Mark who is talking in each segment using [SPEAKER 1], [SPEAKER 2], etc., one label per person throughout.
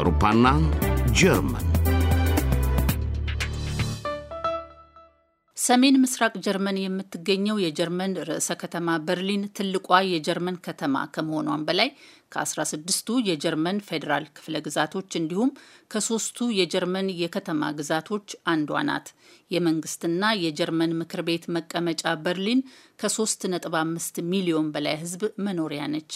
[SPEAKER 1] አውሮፓና ጀርመን
[SPEAKER 2] ሰሜን ምስራቅ ጀርመን የምትገኘው የጀርመን ርዕሰ ከተማ በርሊን ትልቋ የጀርመን ከተማ ከመሆኗን በላይ ከ16ቱ የጀርመን ፌዴራል ክፍለ ግዛቶች እንዲሁም ከሶስቱ የጀርመን የከተማ ግዛቶች አንዷ ናት። የመንግስትና የጀርመን ምክር ቤት መቀመጫ በርሊን ከ3.5 ሚሊዮን በላይ ሕዝብ መኖሪያ ነች።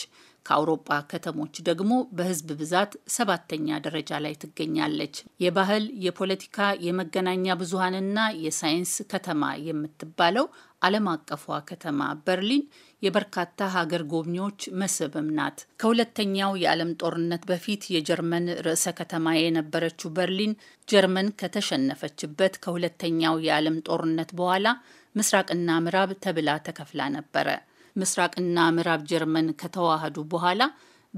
[SPEAKER 2] ከአውሮጳ ከተሞች ደግሞ በህዝብ ብዛት ሰባተኛ ደረጃ ላይ ትገኛለች። የባህል፣ የፖለቲካ፣ የመገናኛ ብዙሀንና የሳይንስ ከተማ የምትባለው ዓለም አቀፏ ከተማ በርሊን የበርካታ ሀገር ጎብኚዎች መስህብም ናት። ከሁለተኛው የዓለም ጦርነት በፊት የጀርመን ርዕሰ ከተማ የነበረችው በርሊን ጀርመን ከተሸነፈችበት ከሁለተኛው የዓለም ጦርነት በኋላ ምስራቅና ምዕራብ ተብላ ተከፍላ ነበረ። ምስራቅና ምዕራብ ጀርመን ከተዋሃዱ በኋላ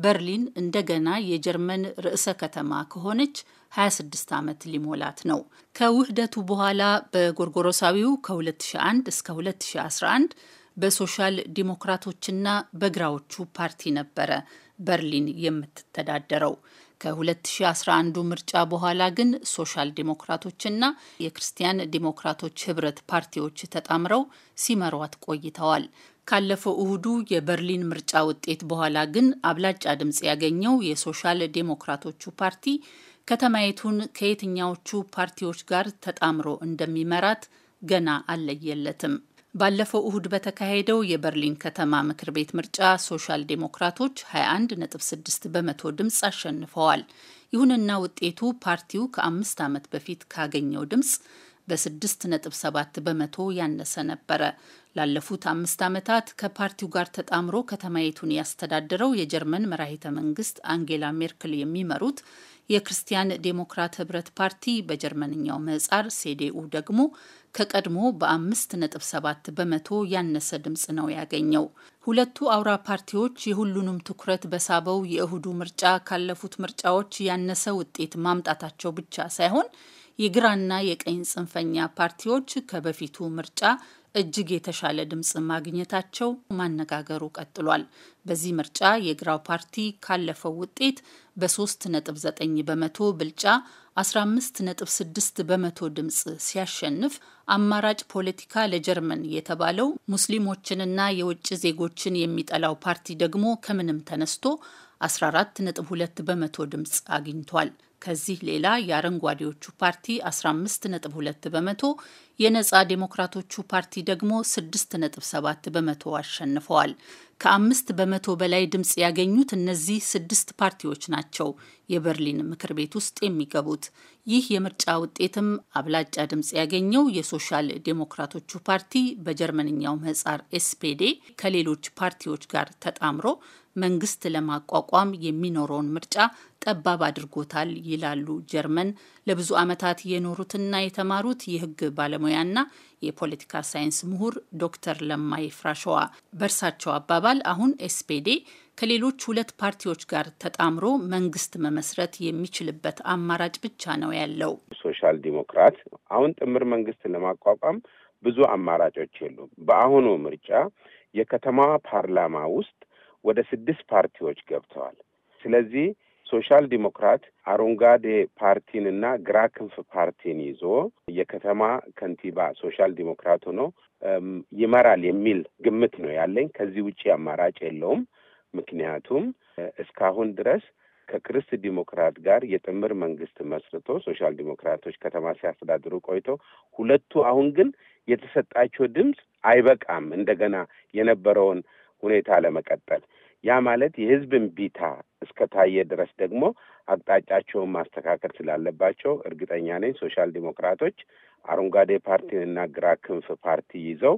[SPEAKER 2] በርሊን እንደገና የጀርመን ርዕሰ ከተማ ከሆነች 26 ዓመት ሊሞላት ነው። ከውህደቱ በኋላ በጎርጎሮሳዊው ከ2001 እስከ 2011 በሶሻል ዲሞክራቶችና በግራዎቹ ፓርቲ ነበረ በርሊን የምትተዳደረው። ከ2011 ምርጫ በኋላ ግን ሶሻል ዲሞክራቶችና የክርስቲያን ዲሞክራቶች ህብረት ፓርቲዎች ተጣምረው ሲመሯት ቆይተዋል። ካለፈው እሁዱ የበርሊን ምርጫ ውጤት በኋላ ግን አብላጫ ድምፅ ያገኘው የሶሻል ዴሞክራቶቹ ፓርቲ ከተማይቱን ከየትኛዎቹ ፓርቲዎች ጋር ተጣምሮ እንደሚመራት ገና አልለየለትም። ባለፈው እሁድ በተካሄደው የበርሊን ከተማ ምክር ቤት ምርጫ ሶሻል ዴሞክራቶች 21.6 በመቶ ድምፅ አሸንፈዋል። ይሁንና ውጤቱ ፓርቲው ከአምስት ዓመት በፊት ካገኘው ድምፅ በ6.7 በመቶ ያነሰ ነበረ። ላለፉት አምስት ዓመታት ከፓርቲው ጋር ተጣምሮ ከተማይቱን ያስተዳደረው የጀርመን መራሂተ መንግስት አንጌላ ሜርክል የሚመሩት የክርስቲያን ዴሞክራት ህብረት ፓርቲ በጀርመንኛው ምህጻር ሴዴኡ ደግሞ ከቀድሞ በአምስት ነጥብ ሰባት በመቶ ያነሰ ድምፅ ነው ያገኘው። ሁለቱ አውራ ፓርቲዎች የሁሉንም ትኩረት በሳበው የእሁዱ ምርጫ ካለፉት ምርጫዎች ያነሰ ውጤት ማምጣታቸው ብቻ ሳይሆን የግራና የቀኝ ጽንፈኛ ፓርቲዎች ከበፊቱ ምርጫ እጅግ የተሻለ ድምፅ ማግኘታቸው ማነጋገሩ ቀጥሏል። በዚህ ምርጫ የግራው ፓርቲ ካለፈው ውጤት በ3.9 በመቶ ብልጫ 15.6 በመቶ ድምፅ ሲያሸንፍ አማራጭ ፖለቲካ ለጀርመን የተባለው ሙስሊሞችንና የውጭ ዜጎችን የሚጠላው ፓርቲ ደግሞ ከምንም ተነስቶ 14.2 በመቶ ድምፅ አግኝቷል። ከዚህ ሌላ የአረንጓዴዎቹ ፓርቲ 15.2 በመቶ የነጻ ዴሞክራቶቹ ፓርቲ ደግሞ 6.7 በመቶ አሸንፈዋል። ከአምስት በመቶ በላይ ድምፅ ያገኙት እነዚህ ስድስት ፓርቲዎች ናቸው የበርሊን ምክር ቤት ውስጥ የሚገቡት። ይህ የምርጫ ውጤትም አብላጫ ድምፅ ያገኘው የሶሻል ዴሞክራቶቹ ፓርቲ በጀርመንኛው ምህጻር ኤስፔዴ ከሌሎች ፓርቲዎች ጋር ተጣምሮ መንግስት ለማቋቋም የሚኖረውን ምርጫ ጠባብ አድርጎታል ይላሉ ጀርመን ለብዙ ዓመታት የኖሩትና የተማሩት የህግ ባለሙ ባለሙያና የፖለቲካ ሳይንስ ምሁር ዶክተር ለማይ ፍራሸዋ በእርሳቸው አባባል አሁን ኤስፔዴ ከሌሎች ሁለት ፓርቲዎች ጋር ተጣምሮ መንግስት መመስረት የሚችልበት አማራጭ ብቻ ነው ያለው።
[SPEAKER 1] ሶሻል ዲሞክራት አሁን ጥምር መንግስት ለማቋቋም ብዙ አማራጮች የሉም። በአሁኑ ምርጫ የከተማዋ ፓርላማ ውስጥ ወደ ስድስት ፓርቲዎች ገብተዋል። ስለዚህ ሶሻል ዲሞክራት አረንጓዴ ፓርቲን እና ግራ ክንፍ ፓርቲን ይዞ የከተማ ከንቲባ ሶሻል ዲሞክራት ሆኖ ይመራል የሚል ግምት ነው ያለኝ። ከዚህ ውጭ አማራጭ የለውም። ምክንያቱም እስካሁን ድረስ ከክርስት ዲሞክራት ጋር የጥምር መንግስት መስርቶ ሶሻል ዲሞክራቶች ከተማ ሲያስተዳድሩ ቆይቶ ሁለቱ አሁን ግን የተሰጣቸው ድምፅ አይበቃም እንደገና የነበረውን ሁኔታ ለመቀጠል ያ ማለት የህዝብን ቢታ እስከታየ ድረስ ደግሞ አቅጣጫቸውን ማስተካከል ስላለባቸው እርግጠኛ ነኝ ሶሻል ዲሞክራቶች አረንጓዴ ፓርቲንና ግራ ክንፍ ፓርቲ ይዘው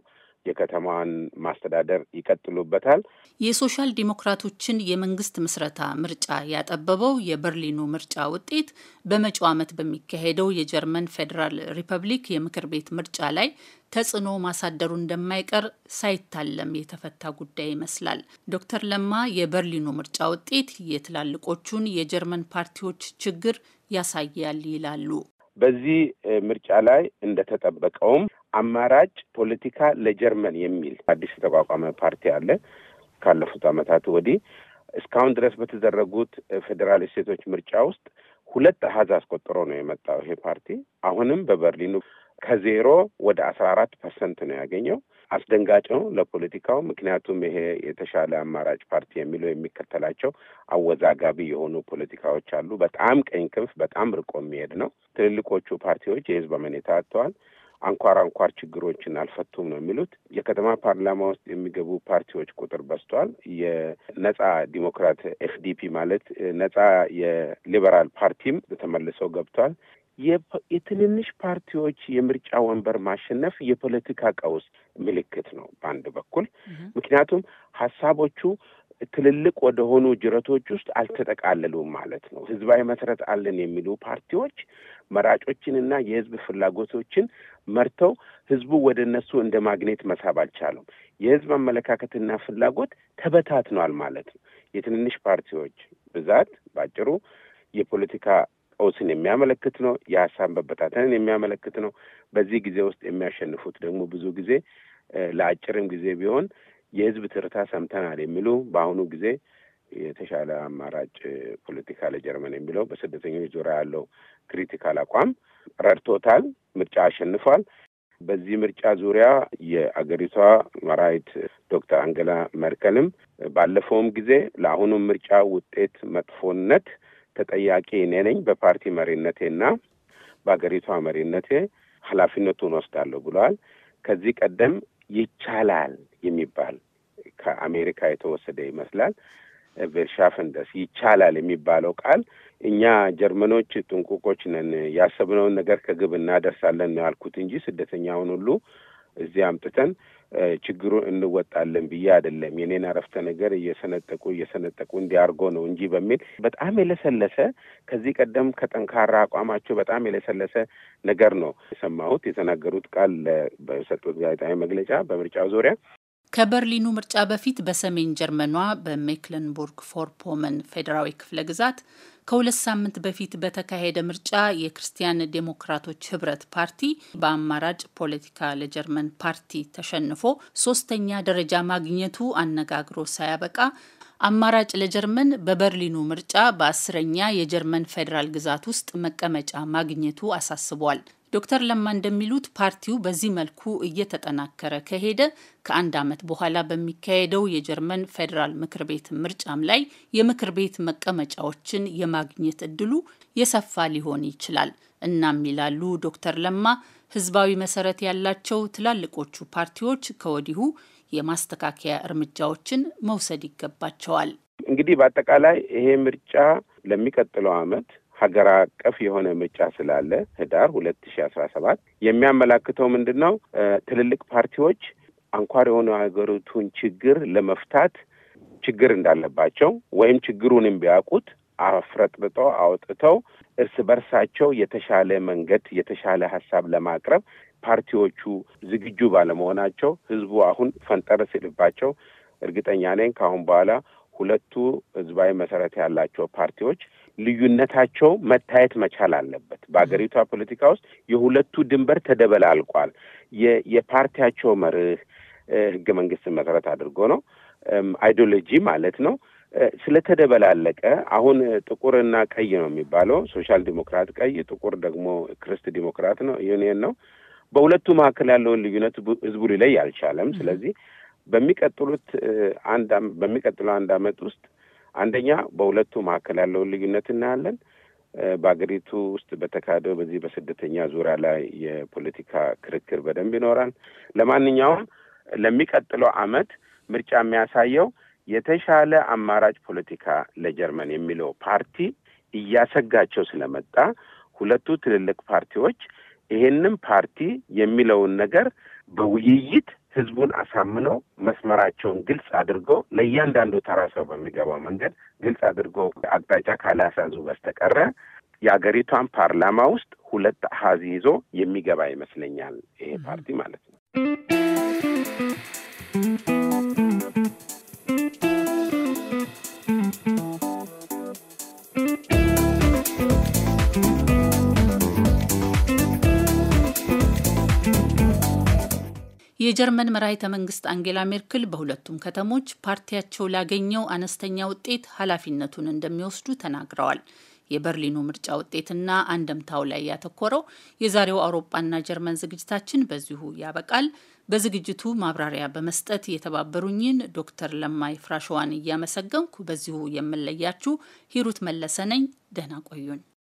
[SPEAKER 1] የከተማዋን ማስተዳደር ይቀጥሉበታል።
[SPEAKER 2] የሶሻል ዲሞክራቶችን የመንግስት ምስረታ ምርጫ ያጠበበው የበርሊኑ ምርጫ ውጤት በመጪው ዓመት በሚካሄደው የጀርመን ፌዴራል ሪፐብሊክ የምክር ቤት ምርጫ ላይ ተጽዕኖ ማሳደሩ እንደማይቀር ሳይታለም የተፈታ ጉዳይ ይመስላል። ዶክተር ለማ የበርሊኑ ምርጫ ውጤት የትላልቆቹን የጀርመን ፓርቲዎች ችግር ያሳያል ይላሉ።
[SPEAKER 1] በዚህ ምርጫ ላይ እንደተጠበቀውም አማራጭ ፖለቲካ ለጀርመን የሚል አዲስ የተቋቋመ ፓርቲ አለ። ካለፉት ዓመታት ወዲህ እስካሁን ድረስ በተደረጉት ፌዴራል ስቴቶች ምርጫ ውስጥ ሁለት አሀዝ አስቆጥሮ ነው የመጣው ይሄ ፓርቲ። አሁንም በበርሊኑ ከዜሮ ወደ አስራ አራት ፐርሰንት ነው ያገኘው። አስደንጋጭ ነው ለፖለቲካው። ምክንያቱም ይሄ የተሻለ አማራጭ ፓርቲ የሚለው የሚከተላቸው አወዛጋቢ የሆኑ ፖለቲካዎች አሉ። በጣም ቀኝ ክንፍ፣ በጣም ርቆ የሚሄድ ነው። ትልልቆቹ ፓርቲዎች የህዝብ አመኔታ አጥተዋል። አንኳር አንኳር ችግሮችን አልፈቱም ነው የሚሉት። የከተማ ፓርላማ ውስጥ የሚገቡ ፓርቲዎች ቁጥር በዝቷል። የነጻ ዲሞክራት ኤፍዲፒ ማለት ነጻ የሊበራል ፓርቲም ተመልሰው ገብቷል። የትንንሽ ፓርቲዎች የምርጫ ወንበር ማሸነፍ የፖለቲካ ቀውስ ምልክት ነው በአንድ በኩል ምክንያቱም ሀሳቦቹ ትልልቅ ወደሆኑ ጅረቶች ውስጥ አልተጠቃለሉም ማለት ነው። ህዝባዊ መሰረት አለን የሚሉ ፓርቲዎች መራጮችንና የህዝብ ፍላጎቶችን መርተው ህዝቡ ወደ እነሱ እንደ ማግኔት መሳብ አልቻሉም። የህዝብ አመለካከትና ፍላጎት ተበታትኗል ማለት ነው። የትንንሽ ፓርቲዎች ብዛት ባጭሩ የፖለቲካ ቀውስን የሚያመለክት ነው። የሀሳብ መበታተንን የሚያመለክት ነው። በዚህ ጊዜ ውስጥ የሚያሸንፉት ደግሞ ብዙ ጊዜ ለአጭርም ጊዜ ቢሆን የህዝብ ትርታ ሰምተናል የሚሉ በአሁኑ ጊዜ የተሻለ አማራጭ ፖለቲካ ለጀርመን የሚለው በስደተኞች ዙሪያ ያለው ክሪቲካል አቋም ረድቶታል። ምርጫ አሸንፏል። በዚህ ምርጫ ዙሪያ የአገሪቷ መራይት ዶክተር አንገላ መርከልም ባለፈውም ጊዜ ለአሁኑ ምርጫ ውጤት መጥፎነት ተጠያቂ እኔ ነኝ፣ በፓርቲ መሪነቴና በአገሪቷ መሪነቴ ኃላፊነቱን ወስዳለሁ ብለዋል። ከዚህ ቀደም ይቻላል የሚባል ከአሜሪካ የተወሰደ ይመስላል። ቬርሻፈንደስ ይቻላል የሚባለው ቃል እኛ ጀርመኖች ጥንቁቆች ነን፣ ያሰብነውን ነገር ከግብ እናደርሳለን ነው ያልኩት እንጂ ስደተኛውን ሁሉ እዚህ አምጥተን ችግሩን እንወጣለን ብዬ አይደለም። የኔን አረፍተ ነገር እየሰነጠቁ እየሰነጠቁ እንዲያርጎ ነው እንጂ በሚል በጣም የለሰለሰ ከዚህ ቀደም ከጠንካራ አቋማቸው በጣም የለሰለሰ ነገር ነው የሰማሁት። የተናገሩት ቃል በሰጡት ጋዜጣዊ መግለጫ በምርጫው ዙሪያ
[SPEAKER 2] ከበርሊኑ ምርጫ በፊት በሰሜን ጀርመኗ በሜክለንቡርግ ፎርፖመን ፌዴራዊ ክፍለ ግዛት ከሁለት ሳምንት በፊት በተካሄደ ምርጫ የክርስቲያን ዴሞክራቶች ህብረት ፓርቲ በአማራጭ ፖለቲካ ለጀርመን ፓርቲ ተሸንፎ ሶስተኛ ደረጃ ማግኘቱ አነጋግሮ ሳያበቃ አማራጭ ለጀርመን በበርሊኑ ምርጫ በአስረኛ የጀርመን ፌዴራል ግዛት ውስጥ መቀመጫ ማግኘቱ አሳስቧል። ዶክተር ለማ እንደሚሉት ፓርቲው በዚህ መልኩ እየተጠናከረ ከሄደ ከአንድ ዓመት በኋላ በሚካሄደው የጀርመን ፌዴራል ምክር ቤት ምርጫም ላይ የምክር ቤት መቀመጫዎችን የማግኘት እድሉ የሰፋ ሊሆን ይችላል። እናም ይላሉ ዶክተር ለማ ህዝባዊ መሰረት ያላቸው ትላልቆቹ ፓርቲዎች ከወዲሁ የማስተካከያ እርምጃዎችን መውሰድ ይገባቸዋል።
[SPEAKER 1] እንግዲህ በአጠቃላይ ይሄ ምርጫ ለሚቀጥለው ዓመት ሀገር አቀፍ የሆነ ምርጫ ስላለ ህዳር ሁለት ሺ አስራ ሰባት የሚያመላክተው ምንድን ነው? ትልልቅ ፓርቲዎች አንኳር የሆነ ሀገሪቱን ችግር ለመፍታት ችግር እንዳለባቸው ወይም ችግሩንም ቢያውቁት አፍረጥርጦ አውጥተው እርስ በርሳቸው የተሻለ መንገድ የተሻለ ሀሳብ ለማቅረብ ፓርቲዎቹ ዝግጁ ባለመሆናቸው ህዝቡ አሁን ፈንጠር ሲልባቸው እርግጠኛ ነኝ ከአሁን በኋላ ሁለቱ ህዝባዊ መሰረት ያላቸው ፓርቲዎች ልዩነታቸው መታየት መቻል አለበት። በሀገሪቷ ፖለቲካ ውስጥ የሁለቱ ድንበር ተደበላልቋል። የፓርቲያቸው መርህ ህገ መንግስትን መሰረት አድርጎ ነው፣ አይዲዮሎጂ ማለት ነው ስለተደበላለቀ አሁን ጥቁርና ቀይ ነው የሚባለው። ሶሻል ዲሞክራት ቀይ፣ ጥቁር ደግሞ ክርስት ዲሞክራት ነው ዩኒየን ነው። በሁለቱ መካከል ያለውን ልዩነት ህዝቡ ሊለይ አልቻለም። ስለዚህ በሚቀጥሉት አንድ በሚቀጥለው አንድ ዓመት ውስጥ አንደኛ በሁለቱ መካከል ያለውን ልዩነት እናያለን። በአገሪቱ ውስጥ በተካሄደው በዚህ በስደተኛ ዙሪያ ላይ የፖለቲካ ክርክር በደንብ ይኖራል። ለማንኛውም ለሚቀጥለው ዓመት ምርጫ የሚያሳየው የተሻለ አማራጭ ፖለቲካ ለጀርመን የሚለው ፓርቲ እያሰጋቸው ስለመጣ ሁለቱ ትልልቅ ፓርቲዎች ይሄንም ፓርቲ የሚለውን ነገር በውይይት ህዝቡን አሳምነው መስመራቸውን ግልጽ አድርገው ለእያንዳንዱ ተራ ሰው በሚገባው መንገድ ግልጽ አድርገው አቅጣጫ ካላሳዙ በስተቀረ የአገሪቷን ፓርላማ ውስጥ ሁለት አሃዝ ይዞ የሚገባ ይመስለኛል ይሄ ፓርቲ ማለት ነው።
[SPEAKER 2] የጀርመን መራሂተ መንግስት አንጌላ ሜርክል በሁለቱም ከተሞች ፓርቲያቸው ላገኘው አነስተኛ ውጤት ኃላፊነቱን እንደሚወስዱ ተናግረዋል። የበርሊኑ ምርጫ ውጤትና አንደምታው ላይ ያተኮረው የዛሬው አውሮፓና ጀርመን ዝግጅታችን በዚሁ ያበቃል። በዝግጅቱ ማብራሪያ በመስጠት የተባበሩኝን ዶክተር ለማይ ፍራሸዋን እያመሰገንኩ በዚሁ የምለያችሁ ሂሩት መለሰ ነኝ። ደህና ቆዩን።